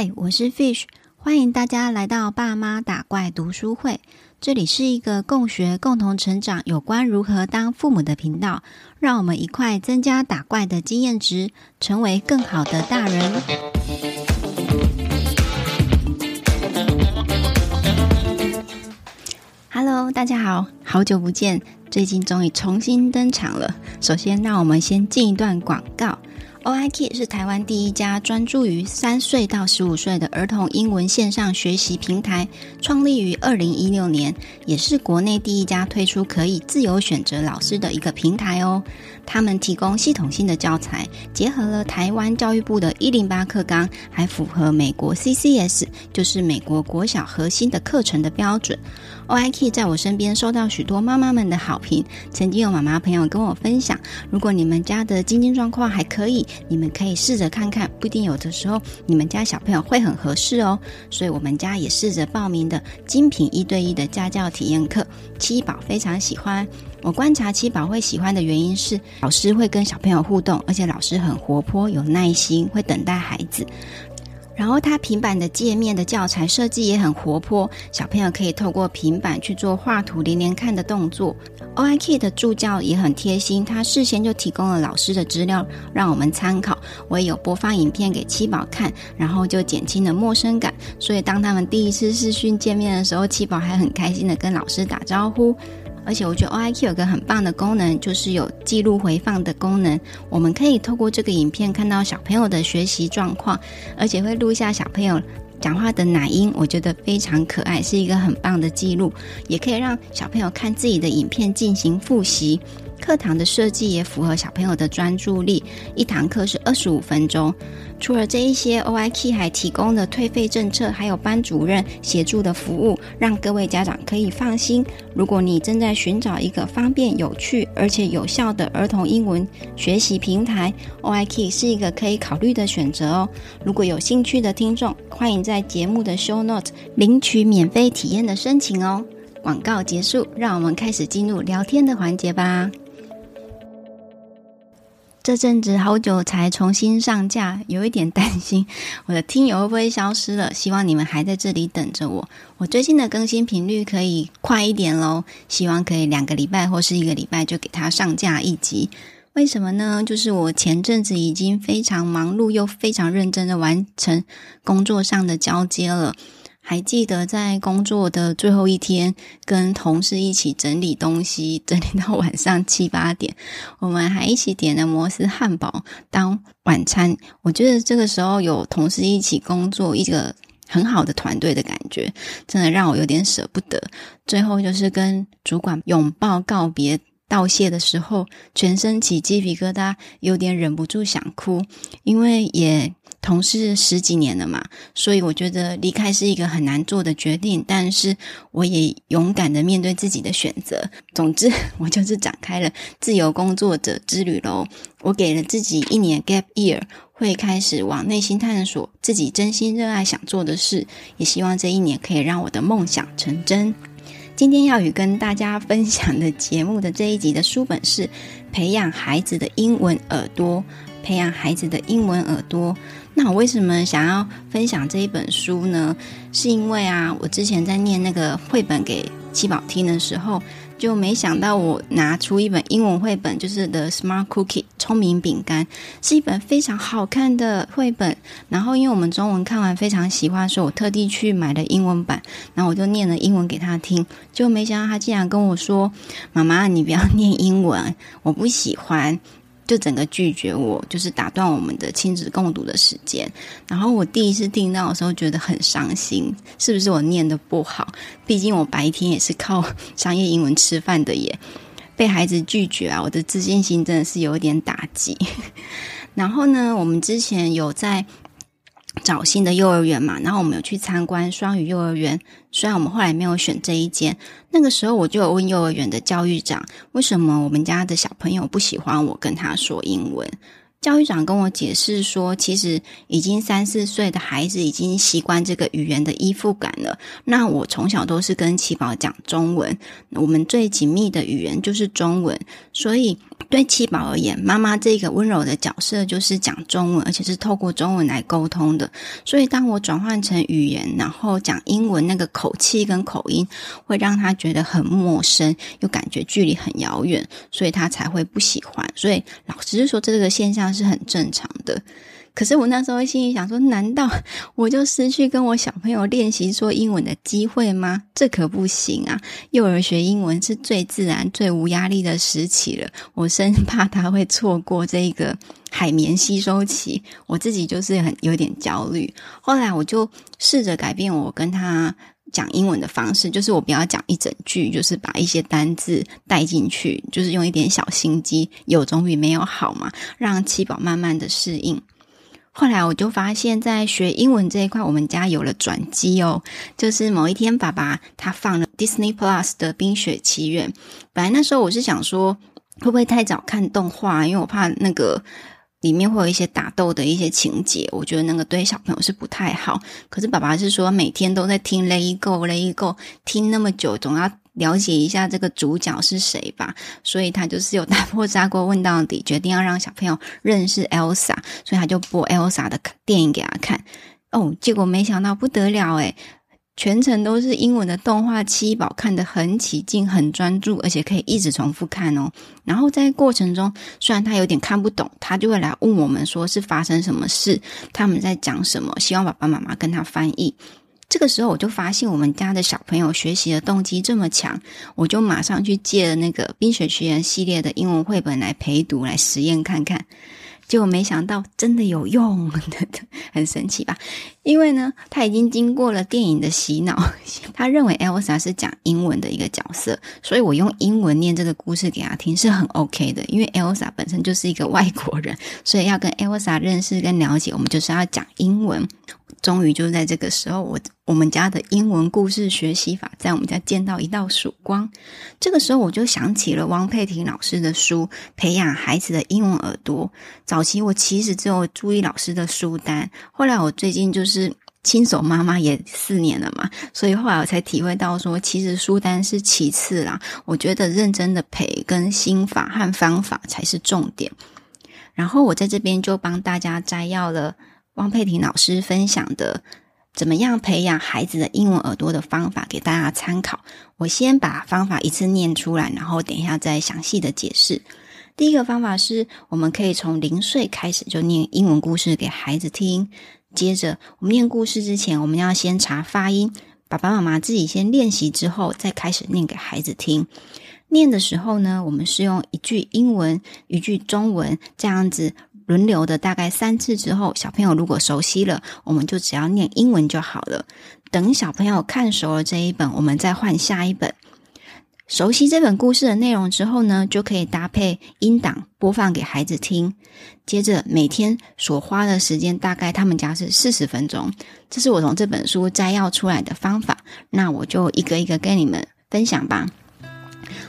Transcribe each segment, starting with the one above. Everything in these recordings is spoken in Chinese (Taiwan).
嗨，Hi, 我是 Fish，歡迎大家來到爸媽打怪讀書會。這裡是一個共學、共同成長，有關如何當父母的頻道，讓我們一塊增加打怪的經驗值，成為更好的大人。Hello，大家好，好久不見，最近終於重新登場了。首先，讓我們先進一段廣告。OiKid 是台灣第一家專注於三歲到十五歲的兒童英文線上學習平台，創立於二零一六年，也是國內第一家推出可以自由選擇老師的一個平台哦。他們提供系統性的教材，結合了台灣教育部的一零八課綱，還符合美國 CCS，就是美國國小核心的課程的標準。OiKid 在我身邊收到許多媽媽們的好評，曾經有媽媽朋友跟我分享，如果你們家的經濟狀況還可以，你們可以試着看看，不一定有的時候你們家小朋友會很合適哦。所以我們家也試着報名的精品一對一的家教體驗課，七寶非常喜歡。我觀察七寶會喜歡的原因是，老師會跟小朋友互動，而且老師很活潑、有耐心，會等待孩子。然後它平板的界面的教材設計也很活潑，小朋友可以透過平板去做畫圖、連連看的動作。OiKid 的助教也很貼心，他事先就提供了老師的資料讓我們參考。我也有播放影片給七寶看，然後就減輕了陌生感。所以當他們第一次視訊見面的時候，七寶還很開心的跟老師打招呼。而且我覺得 OiKid 有個很棒的功能，就是有記錄回放的功能。我們可以透過這個影片看到小朋友的學習狀況，而且會錄下小朋友講話的奶音，我覺得非常可愛，是一個很棒的記錄，也可以讓小朋友看自己的影片進行複習。課堂的設計也符合小朋友的專注力，一堂課是二十五分鐘。除了這一些，OiKid 還提供了退費政策，還有班主任協助的服務，讓各位家長可以放心。如果你正在尋找一個方便、有趣而且有效的兒童英文學習平台，OiKid 是一個可以考慮的選擇哦。如果有興趣的聽眾，歡迎在節目的 Show Note 領取免費體驗的申請哦。廣告結束，讓我們開始進入聊天的環節吧。這陣子好久才重新上架，有一點擔心我的聽友會不會消失了。希望你們還在這裡等着我。我最近的更新頻率可以快一點嘍，希望可以兩個禮拜或是一個禮拜就給他上架一集。為什麼呢？就是我前陣子已經非常忙碌又非常認真的完成工作上的交接了。還記得在工作的最後一天，跟同事一起整理東西，整理到晚上七八點，我們還一起點了摩斯漢堡當晚餐。我覺得這個時候有同事一起工作，一個很好的團隊的感覺，真的讓我有點舍不得。最後就是跟主管擁抱告別、道謝的時候，全身起雞皮疙瘩，有點忍不住想哭，因為也。同事十幾年了嘛，所以我覺得離開是一個很難做的決定，但是我也勇敢的面對自己的選擇。總之，我就是展開了自由工作者之旅咯。我給了自己一年 gap year，會開始往內心探索自己真心熱愛想做的事，也希望這一年可以讓我的夢想成真。今天要與跟大家分享的節目的這一集的書本是《培養孩子的英文耳朵》，培養孩子的英文耳朵。那我為什麼想要分享這一本書呢？是因為啊，我之前在念那個繪本給七寶聽的時候，就沒想到我拿出一本英文繪本，就是《The Smart Cookie》聰明餅乾，是一本非常好看的繪本。然後，因為我們中文看完非常喜歡的時候，所以我特地去買了英文版。然後我就念了英文給他聽，就沒想到他竟然跟我說：“媽媽，你不要念英文，我不喜歡。”就整個拒絕我，就是打斷我們的親子共讀的時間。然後我第一次聽到的時候，覺得很傷心。是不是我念得不好？畢竟我白天也是靠商業英文吃飯的耶。被孩子拒絕啊，我的自信心真的是有點打擊。然後呢，我們之前有在找新的幼兒園嘛，然後我們有去參觀雙語幼兒園，雖然我們後來沒有選這一間。那個時候我就有問幼兒園的教育長，為什麼我們家的小朋友不喜歡我跟他說英文？教育長跟我解釋說，其實已經三四歲的孩子已經習慣這個語言的依附感了。那我從小都是跟七寶講中文，我們最緊密的語言就是中文，所以。對七寶而言，媽媽這個溫柔的角色就是講中文，而且是透過中文來溝通的。所以，當我轉換成語言，然後講英文，那個口氣跟口音會讓他覺得很陌生，又感覺距離很遙遠，所以他才會不喜歡。所以，老實說，這個現象是很正常的。可是我那時候心裡想說，難道我就失去跟我小朋友練習說英文的機會嗎？這可不行啊！幼兒學英文是最自然、最無壓力的時期了，我生怕他會錯過這個海綿吸收期，我自己就是很有點焦慮。後來我就試着改變我跟他講英文的方式，就是我不要講一整句，就是把一些單字帶進去，就是用一點小心機，有總比沒有好嘛，讓七寶慢慢的適應。後來我就發現，在學英文這一塊，我們家有了轉機哦。就是某一天，爸爸他放了 Disney Plus 的《冰雪奇緣》。本來那時候我是想說，會不會太早看動畫？因為我怕那個裡面會有一些打鬥的一些情節，我覺得那個對小朋友是不太好。可是爸爸是說，每天都在聽，Let it go，Let it go，聽那麼久，總要。了解一下這個主角是誰吧，所以他就是有打破砂鍋問到底，決定要讓小朋友認識 Elsa，所以他就播 Elsa 的電影給他看。哦，結果沒想到不得了誒，全程都是英文的動畫七寶，看得很起勁、很專注，而且可以一直重複看哦。然後在過程中，雖然他有點看不懂，他就會來問我們說是發生什麼事，他們在講什麼，希望爸爸媽媽跟他翻譯。這個時候，我就發現我們家的小朋友學習的動機這麼強，我就馬上去借了那個《冰雪奇緣》系列的英文繪本來陪讀來實驗看看，結果沒想到真的有用呵呵，很神奇吧？因為呢，他已經經過了電影的洗腦，他認為 Elsa 是講英文的一個角色，所以我用英文念這個故事給他聽是很 OK 的，因為 Elsa 本身就是一個外國人，所以要跟 Elsa 認識跟了解，我們就是要講英文。終於就在這個時候，我我們家的英文故事學習法在我們家見到一道曙光。這個時候，我就想起了汪培珽老師的書《培養孩子的英文耳朵》。早期我其實只有注意老師的書單，後來我最近就是新手媽媽也四年了嘛，所以後來我才體會到說，其實書單是其次啦。我覺得認真的陪跟心法和方法才是重點。然後我在這邊就幫大家摘要了。汪培珽老師分享的怎麼樣培養孩子的英文耳朵的方法，給大家參考。我先把方法一次念出來，然後等一下再詳細的解釋。第一個方法是，我們可以從零歲開始就念英文故事給孩子聽。接着，我們念故事之前，我們要先查發音，爸爸媽媽自己先練習之後，再開始念給孩子聽。念的時候呢，我們是用一句英文，一句中文這樣子。輪流的大概三次之後，小朋友如果熟悉了，我們就只要念英文就好了。等小朋友看熟了這一本，我們再換下一本。熟悉這本故事的內容之後呢，就可以搭配音檔播放給孩子聽。接着每天所花的時間大概他們家是四十分鐘，這是我從這本書摘要出來的方法。那我就一個一個跟你們分享吧。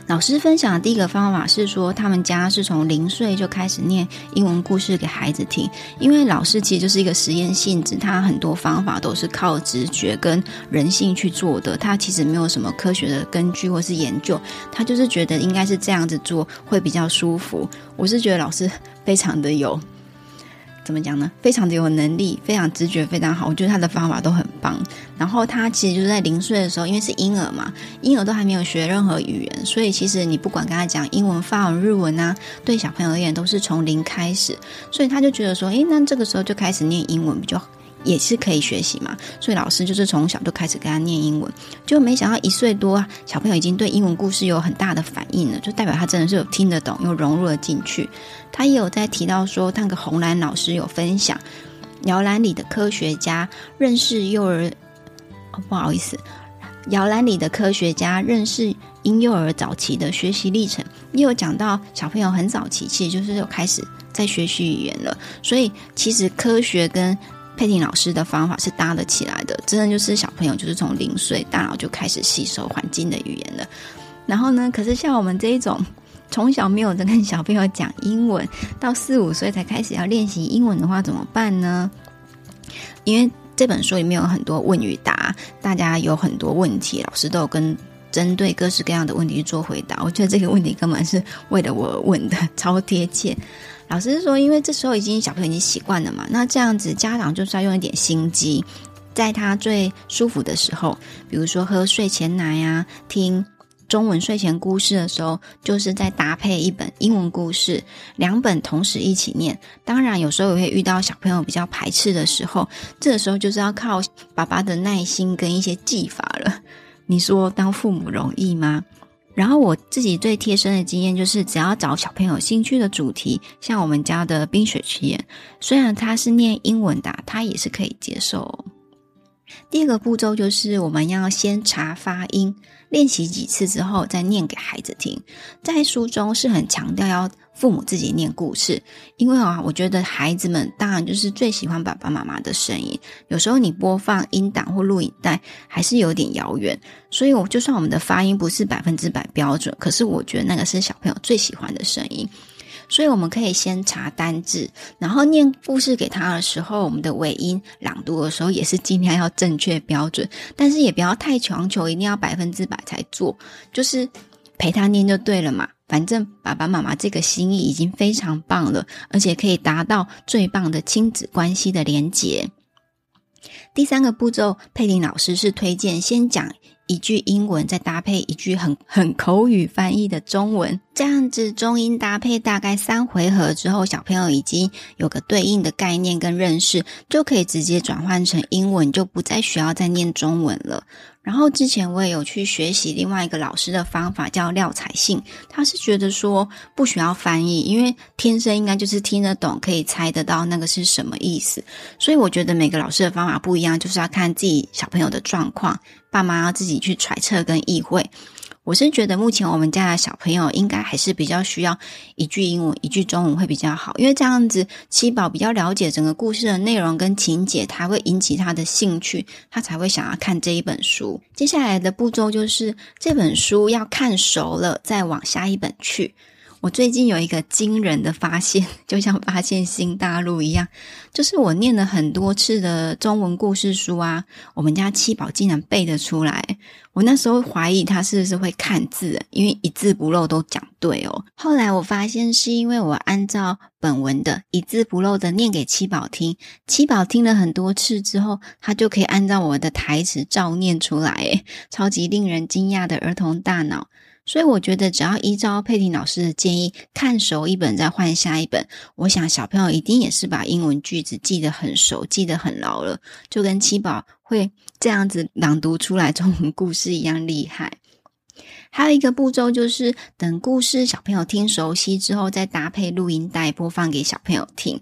老師分享的第一個方法是說，他們家是從零歲就開始念英文故事給孩子聽。因為老師其實就是一個實驗性質，他很多方法都是靠直覺跟人性去做的，他其實沒有什麼科學的根據或是研究，他就是覺得應該是這樣子做會比較舒服。我是覺得老師非常的有。怎麼講呢？非常的有能力，非常直覺，非常好。我覺得他的方法都很棒。然後他其實就是在零歲的時候，因為是嬰兒嘛，嬰兒都還沒有學任何語言，所以其實你不管跟他講英文、法文、日文啊，對小朋友而言都是從零開始。所以他就覺得說，誒，那這個時候就開始唸英文比較好。也是可以學習嘛，所以老師就是從小就開始給他念英文，就沒想到一歲多小朋友已經對英文故事有很大的反應了，就代表他真的是有聽得懂，又融入了進去。他也有在提到說，他那個洪蘭老師有分享《搖籃裡的科學家》，認識幼兒哦，不好意思，《搖籃裡的科學家》認識嬰幼兒早期的學習歷程。也有講到小朋友很早期，其實就是有開始在學習語言了，所以其實科學跟培珽老師的方法是搭得起來的，真的就是小朋友就是從零歲，大腦就開始吸收環境的語言了。然後呢，可是像我們這一種從小沒有在跟小朋友講英文，到四五歲才開始要練習英文的話，怎麼辦呢？因為這本書裡面有很多問與答，大家有很多問題，老師都有跟針對各式各樣的問題去做回答。我覺得這個問題根本是為了我問的超貼切。老師說，因為這時候已經小朋友已經習慣了嘛，那這樣子家長就是要用一點心機，在他最舒服的時候，比如說喝睡前奶啊，聽中文睡前故事的時候，就是再搭配一本英文故事，兩本同時一起念。當然，有時候也會遇到小朋友比較排斥的時候，這個時候就是要靠爸爸的耐心跟一些技法了。你說，當父母容易嗎？然後我自己最貼身的經驗就是，只要找小朋友興趣的主題，像我們家的《冰雪奇緣》，雖然它是念英文的，他也是可以接受哦。第二個步驟就是，我們要先查發音，練習幾次之後再念給孩子聽。在書中是很強調要父母自己念故事，因為啊，我覺得孩子們當然就是最喜歡爸爸媽媽的聲音。有時候你播放音檔或錄影帶，還是有點遙遠。所以我就算我們的發音不是百分之百標準，可是我覺得那個是小朋友最喜歡的聲音。所以我們可以先查單字，然後念故事給他的時候，我們的尾音朗讀的時候也是盡量要正確標準，但是也不要太強求，一定要百分之百才做，就是陪他念就對了嘛。反正爸爸媽媽這個心意已經非常棒了，而且可以達到最棒的親子關係的連結。第三個步驟，培珽老師是推薦先講一句英文，再搭配一句很很口語翻譯的中文，這樣子中英搭配大概三回合之後，小朋友已經有個對應的概念跟認識，就可以直接轉換成英文，就不再需要再念中文了。然後之前我也有去學習另外一個老師的方法，叫廖彩杏。他是覺得說不需要翻譯，因為天生應該就是聽得懂，可以猜得到那個是什麼意思。所以我覺得每個老師的方法不一樣，就是要看自己小朋友的狀況，爸媽要自己去揣測跟意會。我是覺得，目前我們家的小朋友應該還是比較需要一句英文、一句中文會比較好，因為這樣子七寶比較了解整個故事的內容跟情節，他會引起他的興趣，他才會想要看這一本書。接下來的步驟就是這本書要看熟了，再往下一本去。我最近有一個驚人的發現，就像發現新大陸一樣，就是我念了很多次的中文故事書啊，我們家七寶竟然背得出來。我那時候懷疑他是不是會看字，因為一字不漏都講對哦。後來我發現是因為我按照本文的一字不漏的念給七寶聽，七寶聽了很多次之後，他就可以按照我的台詞照念出來，哎，超級令人驚訝的兒童大腦。所以我覺得只要依照培珽老師的建議，看熟一本再換下一本，我想小朋友一定也是把英文句子記得很熟、記得很牢了，就跟七寶會。這樣子朗讀出來，中文故事一樣厲害。還有一個步驟就是，等故事小朋友聽熟悉之後，再搭配錄音帶播放給小朋友聽。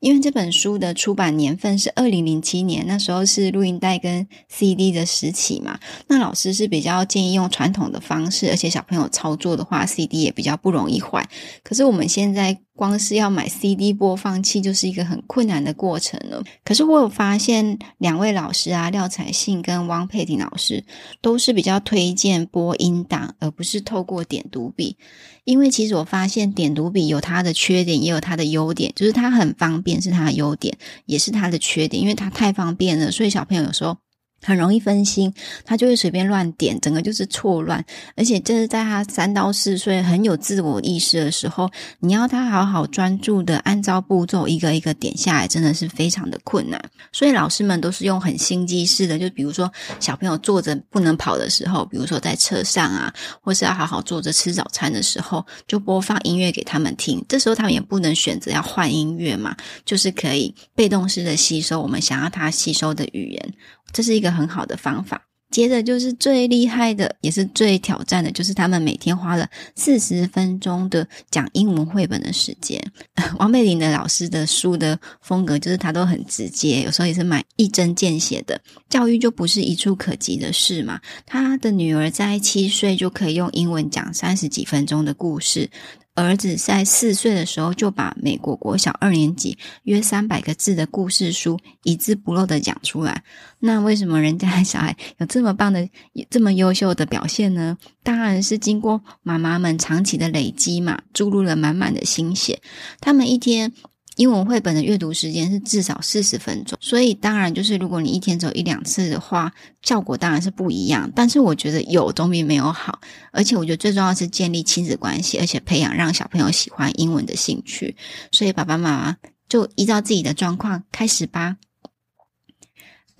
因為這本書的出版年份是二零零七年，那時候是錄音帶跟 CD 的時期嘛。那老師是比較建議用傳統的方式，而且小朋友操作的話，CD 也比較不容易壞。可是我們現在。光是要買 CD 播放器就是一個很困難的過程了。可是我有發現，兩位老師啊，廖彩杏跟汪培珽老師，都是比較推薦播音檔，而不是透過點讀筆。因為其實我發現點讀筆有它的缺點，也有它的優點，就是它很方便，是它的優點，也是它的缺點，因為它太方便了，所以小朋友有時候。很容易分心，他就會隨便亂點，整個就是錯亂。而且這是在他三到四歲很有自我意識的時候，你要他好好專注地按照步驟一個一個點下來，真的是非常的困難。所以老師們都是用很心機式的，就比如說小朋友坐着不能跑的時候，比如說在車上啊，或是要好好坐着吃早餐的時候，就播放音樂給他們聽。這時候他們也不能選擇要換音樂嘛，就是可以被動式的吸收我們想要他吸收的語言。這是一個很好的方法。接着就是最厲害的，也是最挑戰的，就是他們每天花了四十分鐘的講英文繪本的時間。呃，汪培珽的老師的書的風格就是他都很直接，有時候也是蠻一針見血的。教育就不是一蹴可幾的事嘛。他的女兒在七歲就可以用英文講三十幾分鐘的故事。兒子在四歲的時候就把美國國小二年級約三百個字的故事書一字不漏的講出來。那為什麼人家的小孩有這麼棒的、這麼優秀的表現呢？當然是經過媽媽們長期的累積嘛，注入了滿滿的心血。他們一天英文繪本的閱讀時間是至少四十分鐘，所以當然就是如果你一天走一兩次的話，效果當然是不一樣。但是我覺得有總比沒有好，而且我覺得最重要的是建立親子關係，而且培養讓小朋友喜歡英文的興趣。所以爸爸媽媽就依照自己的狀況開始吧。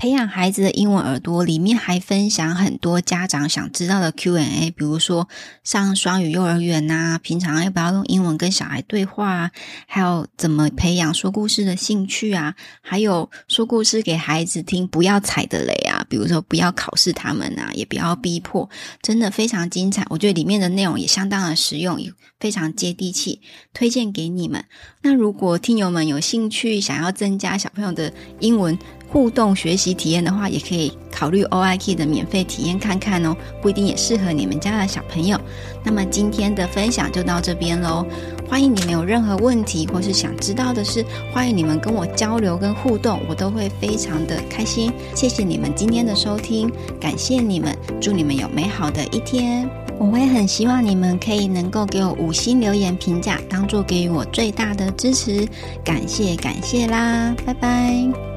培養孩子的英文耳朵，裡面還分享很多家長想知道的 Q&A，比如說上雙語幼兒園吶、啊，平常要不要用英文跟小孩對話、啊，還有怎麼培養說故事的興趣啊，還有說故事給孩子聽不要踩的雷啊，比如說不要考試他們啊，也不要逼迫，真的非常精彩。我覺得裡面的內容也相當的實用，也非常接地氣，推薦給你們。那如果聽友們有興趣，想要增加小朋友的英文，互動學習體驗的話，也可以考慮 OiKid 的免費體驗看看哦，不一定也適合你們家的小朋友。那麼今天的分享就到這邊嘍。歡迎你們有任何問題或是想知道的事，歡迎你們跟我交流跟互動，我都會非常的開心。謝謝你們今天的收聽，感謝你們，祝你們有美好的一天。我會很希望你們可以能夠給我五星留言評價，當做給予我最大的支持。感謝感謝啦，拜拜。